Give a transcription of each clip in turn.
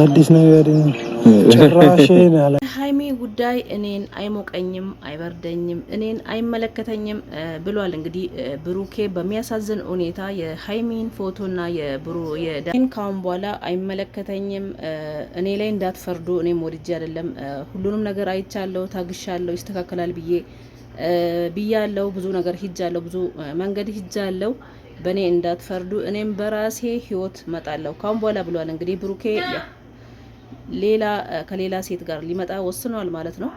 አዲስ ነገር ሀይሚ ጉዳይ እኔን አይሞቀኝም፣ አይበርደኝም፣ እኔን አይመለከተኝም ብሏል። እንግዲህ ብሩኬ በሚያሳዝን ሁኔታ የሀይሚን ፎቶና የብሩ የዳን ካሁን በኋላ አይመለከተኝም፣ እኔ ላይ እንዳትፈርዱ፣ እኔም ወድጄ አይደለም ሁሉንም ነገር አይቻለሁ፣ ታግሻለሁ፣ ይስተካከላል ብዬ ብያለሁ። ብዙ ነገር ሂጃለሁ፣ ብዙ መንገድ ሂጃለሁ በእኔ እንዳትፈርዱ እኔም በራሴ ህይወት መጣለሁ ካሁን በኋላ ብሏል። እንግዲህ ብሩኬ ሌላ ከሌላ ሴት ጋር ሊመጣ ወስኗል ማለት ነው።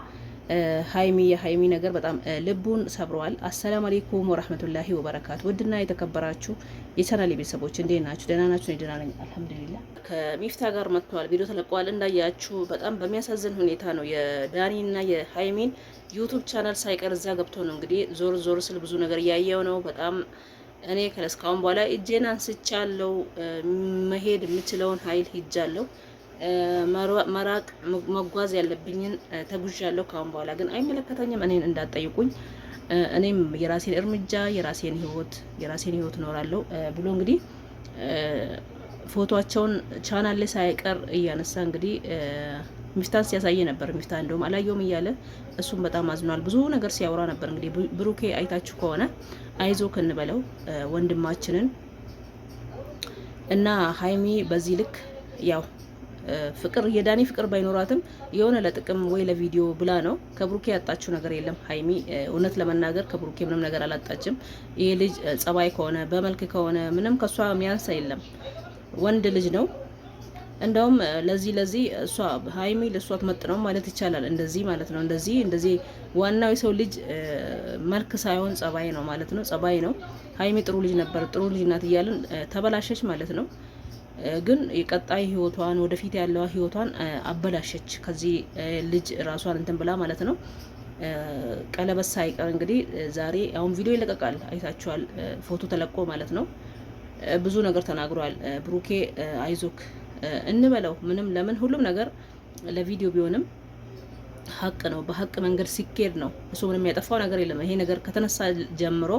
ሀይሚ የሀይሚ ነገር በጣም ልቡን ሰብረዋል። አሰላሙ አሌይኩም ወራህመቱላሂ ወበረካቱ። ውድና የተከበራችሁ የቻናሌ ቤተሰቦች እንዴት ናችሁ? ደህና ናችሁ? ደህና ነኝ አልሐምዱሊላ። ከሚፍታ ጋር መጥተዋል። ቪዲዮ ተለቀዋል እንዳያችሁ። በጣም በሚያሳዝን ሁኔታ ነው የዳኒና የሀይሚን ዩቱብ ቻናል ሳይቀር እዚያ ገብቶ ነው እንግዲህ ዞር ዞር ስል ብዙ ነገር እያየው ነው በጣም እኔ ከእስካሁን በኋላ እጄን አንስቻለሁ። መሄድ የምችለውን ኃይል ሂጃለሁ። መራቅ መጓዝ ያለብኝን ተጉዣለሁ። ከአሁን በኋላ ግን አይመለከተኝም። እኔን እንዳትጠይቁኝ። እኔም የራሴን እርምጃ የራሴን ህይወት የራሴን ህይወት እኖራለሁ ብሎ እንግዲህ ፎቶቸውን ቻናል ላይ ሳይቀር እያነሳ እንግዲህ ሚፍታን ሲያሳይ ነበር። ሚፍታ እንደውም አላየውም እያለ እሱም በጣም አዝኗል። ብዙ ነገር ሲያወራ ነበር። እንግዲህ ብሩኬ አይታችሁ ከሆነ አይዞ ክንበለው ወንድማችንን እና ሀይሚ በዚህ ልክ ያው ፍቅር የዳኒ ፍቅር ባይኖራትም የሆነ ለጥቅም ወይ ለቪዲዮ ብላ ነው። ከብሩኬ ያጣችው ነገር የለም። ሀይሚ እውነት ለመናገር ከብሩኬ ምንም ነገር አላጣችም። ይህ ልጅ ጸባይ ከሆነ በመልክ ከሆነ ምንም ከሷ ሚያንስ የለም። ወንድ ልጅ ነው። እንደውም ለዚህ ለዚህ እሷ ሀይሚ ለእሷ ትመጥነው ማለት ይቻላል። እንደዚህ ማለት ነው። እንደዚህ እንደዚህ ዋናው የሰው ልጅ መልክ ሳይሆን ጸባይ ነው ማለት ነው። ጸባይ ነው። ሀይሚ ጥሩ ልጅ ነበር፣ ጥሩ ልጅ ናት እያለን ተበላሸች ማለት ነው። ግን የቀጣይ ህይወቷን ወደፊት ያለው ህይወቷን አበላሸች። ከዚህ ልጅ ራሷን እንትን ብላ ማለት ነው። ቀለበት ሳይቀር እንግዲህ ዛሬ አሁን ቪዲዮ ይለቀቃል፣ አይታችኋል። ፎቶ ተለቆ ማለት ነው። ብዙ ነገር ተናግሯል። ብሩኬ አይዞክ እንበለው ምንም ለምን ሁሉም ነገር ለቪዲዮ ቢሆንም ሀቅ ነው። በሀቅ መንገድ ሲኬድ ነው እሱ ምንም ያጠፋው ነገር የለም። ይሄ ነገር ከተነሳ ጀምሮ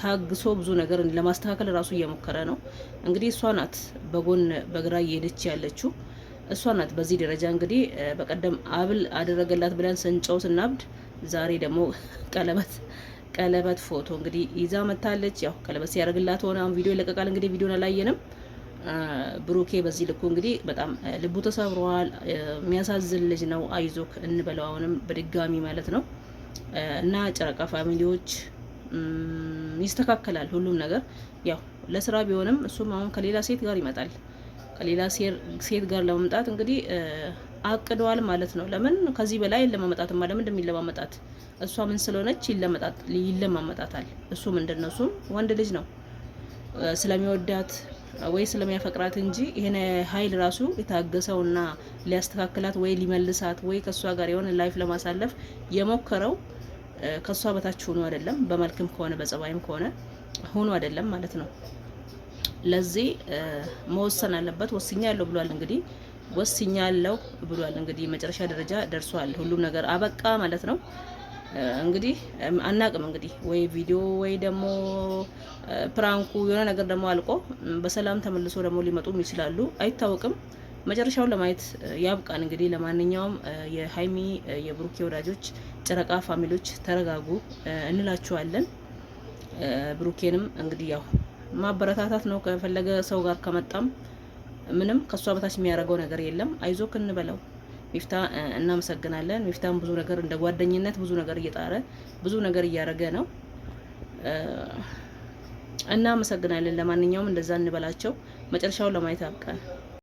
ታግሶ ብዙ ነገር ለማስተካከል ራሱ እየሞከረ ነው። እንግዲህ እሷ ናት በጎን በግራ እየሄደች ያለችው እሷ ናት። በዚህ ደረጃ እንግዲህ በቀደም አብል አደረገላት ብለን ስንጨው ስናብድ ዛሬ ደግሞ ቀለበት ቀለበት ፎቶ እንግዲህ ይዛ መታለች። ያው ቀለበት ሲያደርግላት ሆነ አሁን ቪዲዮ ይለቀቃል። እንግዲህ ቪዲዮን አላየንም። ብሩኬ በዚህ ልኩ እንግዲህ በጣም ልቡ ተሰብሯል። የሚያሳዝን ልጅ ነው። አይዞክ እንበለው አሁንም በድጋሚ ማለት ነው። እና ጨረቃ ፋሚሊዎች ይስተካከላል ሁሉም ነገር ያው ለስራ ቢሆንም እሱም አሁን ከሌላ ሴት ጋር ይመጣል። ከሌላ ሴት ጋር ለመምጣት እንግዲህ አቅደዋል ማለት ነው። ለምን ከዚህ በላይ ለማመጣትማ ለምን እንደሚለማመጣት እሷ ምን ስለሆነች ይለማመጣት ይለማመጣታል። እሱ ምንድን ነው? እሱም ወንድ ልጅ ነው ስለሚወዳት ወይ ስለሚያፈቅራት እንጂ ይሄን ኃይል ራሱ የታገሰውና ሊያስተካክላት ወይ ሊመልሳት ወይ ከእሷ ጋር የሆነ ላይፍ ለማሳለፍ የሞከረው ከእሷ በታች ሆኖ አይደለም። በመልክም ከሆነ በጸባይም ከሆነ ሆኖ አይደለም ማለት ነው። ለዚህ መወሰን አለበት። ወስኛ ያለው ብሏል እንግዲህ ወስኛለሁ ብሏል። እንግዲህ መጨረሻ ደረጃ ደርሷል። ሁሉም ነገር አበቃ ማለት ነው። እንግዲህ አናቅም እንግዲህ ወይ ቪዲዮ ወይ ደግሞ ፕራንኩ የሆነ ነገር ደግሞ አልቆ በሰላም ተመልሶ ደግሞ ሊመጡም ይችላሉ፣ አይታወቅም። መጨረሻውን ለማየት ያብቃን። እንግዲህ ለማንኛውም የሀይሚ የብሩኬ ወዳጆች ጨረቃ ፋሚሊዎች ተረጋጉ እንላችኋለን። ብሩኬንም እንግዲህ ያው ማበረታታት ነው። ከፈለገ ሰው ጋር ከመጣም ምንም ከእሷ በታች የሚያደርገው ነገር የለም። አይዞክ እንበለው። ሚፍታ እናመሰግናለን። ሚፍታም ብዙ ነገር እንደ ጓደኝነት ብዙ ነገር እየጣረ ብዙ ነገር እያደረገ ነው። እናመሰግናለን። ለማንኛውም እንደዛ እንበላቸው። መጨረሻውን ለማየት ያብቃል።